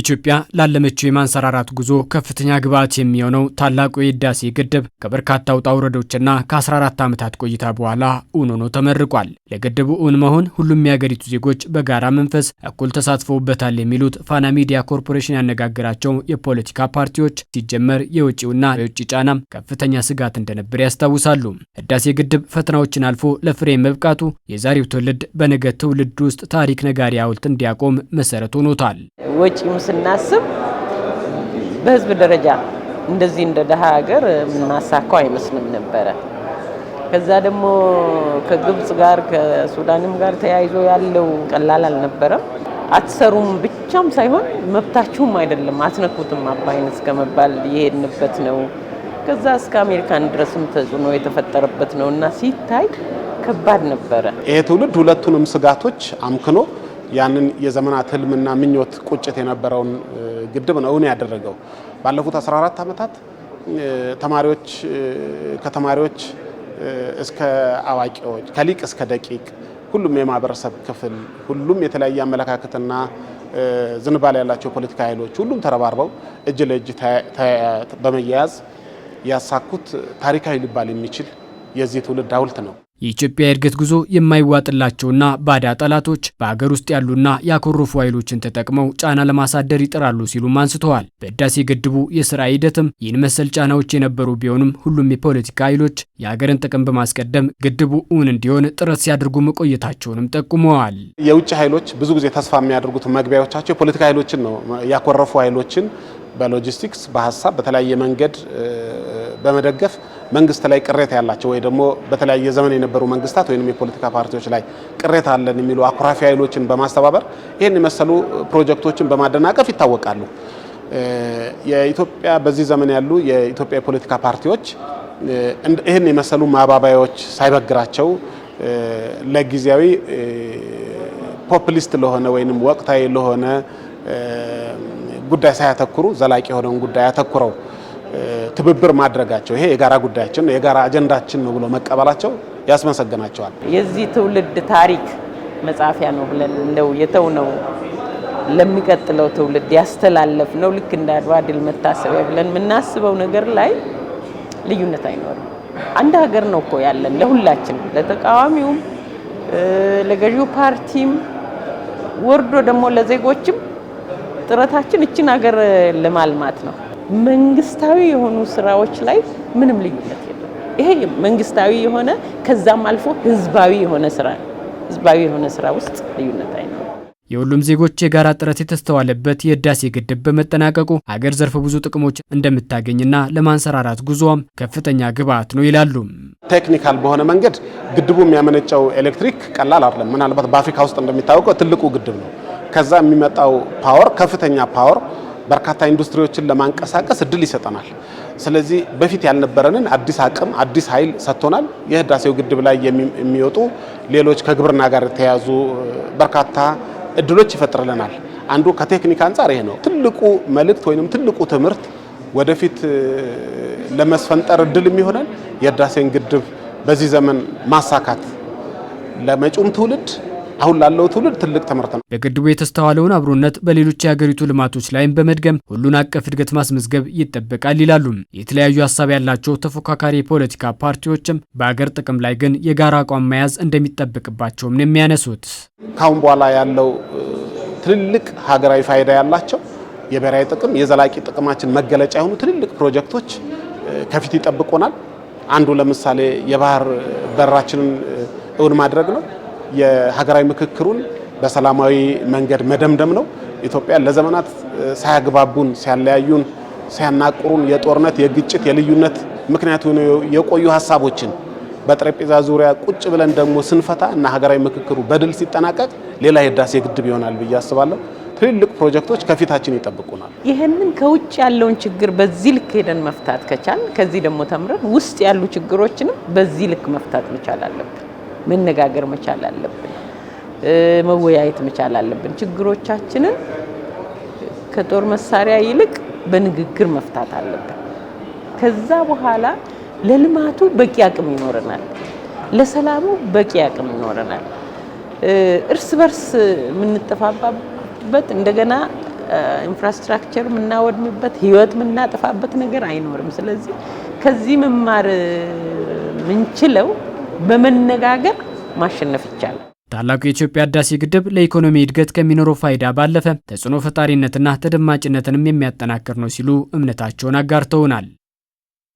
ኢትዮጵያ ላለመችው የማንሰራራት ጉዞ ከፍተኛ ግብዓት የሚሆነው ታላቁ የህዳሴ ግድብ ከበርካታ ውጣ ውረዶችና ከ14 ዓመታት ቆይታ በኋላ እውን ሆኖ ተመርቋል። ለግድቡ እውን መሆን ሁሉም የአገሪቱ ዜጎች በጋራ መንፈስ እኩል ተሳትፎበታል የሚሉት ፋና ሚዲያ ኮርፖሬሽን ያነጋገራቸው የፖለቲካ ፓርቲዎች ሲጀመር የውጭውና የውጭ ጫና ከፍተኛ ስጋት እንደነበር ያስታውሳሉ። ህዳሴ ግድብ ፈተናዎችን አልፎ ለፍሬ መብቃቱ የዛሬው ትውልድ በነገ ትውልድ ውስጥ ታሪክ ነጋሪ ሐውልት እንዲያቆም መሰረት ሆኖታል። ወጪም ስናስብ በህዝብ ደረጃ እንደዚህ እንደ ደሃ ሀገር የምናሳካው አይመስልም ነበረ። ከዛ ደግሞ ከግብጽ ጋር ከሱዳንም ጋር ተያይዞ ያለው ቀላል አልነበረም። አትሰሩም ብቻም ሳይሆን መብታችሁም አይደለም አትነኩትም አባይን እስከ መባል የሄድንበት ነው። ከዛ እስከ አሜሪካን ድረስም ተጽዕኖ የተፈጠረበት ነው እና ሲታይ ከባድ ነበረ። ይሄ ትውልድ ሁለቱንም ስጋቶች አምክኖ ያንን የዘመናት ህልምና ምኞት ቁጭት የነበረውን ግድብ ነው እውን ያደረገው። ባለፉት 14 ዓመታት ተማሪዎች ከተማሪዎች እስከ አዋቂዎች ከሊቅ እስከ ደቂቅ ሁሉም የማህበረሰብ ክፍል ሁሉም የተለያየ አመለካከትና ዝንባል ያላቸው ፖለቲካ ኃይሎች ሁሉም ተረባርበው እጅ ለእጅ በመያያዝ ያሳኩት ታሪካዊ ሊባል የሚችል የዚህ ትውልድ ሐውልት ነው። የኢትዮጵያ የእድገት ጉዞ የማይዋጥላቸውና ባዳ ጠላቶች በአገር ውስጥ ያሉና ያኮረፉ ኃይሎችን ተጠቅመው ጫና ለማሳደር ይጥራሉ ሲሉም አንስተዋል። በህዳሴ ግድቡ የስራ ሂደትም ይህን መሰል ጫናዎች የነበሩ ቢሆኑም ሁሉም የፖለቲካ ኃይሎች የሀገርን ጥቅም በማስቀደም ግድቡ እውን እንዲሆን ጥረት ሲያደርጉ መቆየታቸውንም ጠቁመዋል። የውጭ ኃይሎች ብዙ ጊዜ ተስፋ የሚያደርጉት መግቢያዎቻቸው የፖለቲካ ኃይሎችን ነው። ያኮረፉ ኃይሎችን በሎጂስቲክስ፣ በሀሳብ፣ በተለያየ መንገድ በመደገፍ መንግስት ላይ ቅሬታ ያላቸው ወይ ደግሞ በተለያየ ዘመን የነበሩ መንግስታት ወይም የፖለቲካ ፓርቲዎች ላይ ቅሬታ አለን የሚሉ አኩራፊ ኃይሎችን በማስተባበር ይህን የመሰሉ ፕሮጀክቶችን በማደናቀፍ ይታወቃሉ። የኢትዮጵያ በዚህ ዘመን ያሉ የኢትዮጵያ የፖለቲካ ፓርቲዎች ይህን የመሰሉ ማባባያዎች ሳይበግራቸው ለጊዜያዊ ፖፕሊስት ለሆነ ወይም ወቅታዊ ለሆነ ጉዳይ ሳያተኩሩ ዘላቂ የሆነውን ጉዳይ አተኩረው ትብብር ማድረጋቸው ይሄ የጋራ ጉዳያችን የጋራ አጀንዳችን ነው ብሎ መቀበላቸው ያስመሰግናቸዋል። የዚህ ትውልድ ታሪክ መጻፊያ ነው ብለን እንደው የተው ነው ለሚቀጥለው ትውልድ ያስተላለፍ ነው ልክ እንደ አድዋ ድል መታሰቢያ ብለን የምናስበው ነገር ላይ ልዩነት አይኖርም። አንድ ሀገር ነው እኮ ያለን ለሁላችን፣ ለተቃዋሚውም፣ ለገዢው ፓርቲም ወርዶ ደግሞ ለዜጎችም ጥረታችን እችን ሀገር ለማልማት ነው። መንግስታዊ የሆኑ ስራዎች ላይ ምንም ልዩነት የለም። ይሄ መንግስታዊ የሆነ ከዛም አልፎ ህዝባዊ የሆነ ስራ ነው። ህዝባዊ የሆነ ስራ ውስጥ ልዩነት አይነ የሁሉም ዜጎች የጋራ ጥረት የተስተዋለበት የህዳሴ ግድብ በመጠናቀቁ ሀገር ዘርፈ ብዙ ጥቅሞች እንደምታገኝና ለማንሰራራት ጉዞም ከፍተኛ ግብዓት ነው ይላሉ። ቴክኒካል በሆነ መንገድ ግድቡ የሚያመነጨው ኤሌክትሪክ ቀላል አይደለም። ምናልባት በአፍሪካ ውስጥ እንደሚታወቀው ትልቁ ግድብ ነው። ከዛ የሚመጣው ፓወር ከፍተኛ ፓወር በርካታ ኢንዱስትሪዎችን ለማንቀሳቀስ እድል ይሰጠናል። ስለዚህ በፊት ያልነበረንን አዲስ አቅም፣ አዲስ ኃይል ሰጥቶናል። የህዳሴው ግድብ ላይ የሚወጡ ሌሎች ከግብርና ጋር የተያያዙ በርካታ እድሎች ይፈጥርልናል። አንዱ ከቴክኒክ አንጻር ይሄ ነው። ትልቁ መልእክት ወይም ትልቁ ትምህርት ወደፊት ለመስፈንጠር እድል የሚሆነን የህዳሴን ግድብ በዚህ ዘመን ማሳካት ለመጪውም ትውልድ አሁን ላለው ትውልድ ትልቅ ትምህርት ነው። በግድቡ የተስተዋለውን አብሮነት በሌሎች የሀገሪቱ ልማቶች ላይም በመድገም ሁሉን አቀፍ እድገት ማስመዝገብ ይጠበቃል ይላሉ። የተለያዩ ሀሳብ ያላቸው ተፎካካሪ የፖለቲካ ፓርቲዎችም በአገር ጥቅም ላይ ግን የጋራ አቋም መያዝ እንደሚጠበቅባቸውም ነው የሚያነሱት። ካሁን በኋላ ያለው ትልልቅ ሀገራዊ ፋይዳ ያላቸው የብሔራዊ ጥቅም የዘላቂ ጥቅማችን መገለጫ የሆኑ ትልልቅ ፕሮጀክቶች ከፊት ይጠብቆናል። አንዱ ለምሳሌ የባህር በራችንን እውን ማድረግ ነው። የሀገራዊ ምክክሩን በሰላማዊ መንገድ መደምደም ነው። ኢትዮጵያ ለዘመናት ሳያግባቡን፣ ሲያለያዩን፣ ሲያናቁሩን የጦርነት የግጭት፣ የልዩነት ምክንያት ሆኖ የቆዩ ሀሳቦችን በጠረጴዛ ዙሪያ ቁጭ ብለን ደግሞ ስንፈታ እና ሀገራዊ ምክክሩ በድል ሲጠናቀቅ ሌላ የህዳሴ ግድብ ይሆናል ብዬ አስባለሁ። ትልልቅ ፕሮጀክቶች ከፊታችን ይጠብቁናል። ይህንን ከውጭ ያለውን ችግር በዚህ ልክ ሄደን መፍታት ከቻል ከዚህ ደግሞ ተምረን ውስጥ ያሉ ችግሮችንም በዚህ ልክ መፍታት መቻል አለብን። መነጋገር መቻል አለብን። መወያየት መቻል አለብን። ችግሮቻችንን ከጦር መሳሪያ ይልቅ በንግግር መፍታት አለብን። ከዛ በኋላ ለልማቱ በቂ አቅም ይኖረናል፣ ለሰላሙ በቂ አቅም ይኖረናል። እርስ በርስ የምንጠፋፋበት እንደገና ኢንፍራስትራክቸር የምናወድምበት ህይወት የምናጠፋበት ነገር አይኖርም። ስለዚህ ከዚህ መማር ምንችለው በመነጋገር ማሸነፍ ይቻላል። ታላቁ የኢትዮጵያ ህዳሴ ግድብ ለኢኮኖሚ እድገት ከሚኖረው ፋይዳ ባለፈ ተጽዕኖ ፈጣሪነትና ተደማጭነትንም የሚያጠናክር ነው ሲሉ እምነታቸውን አጋርተውናል።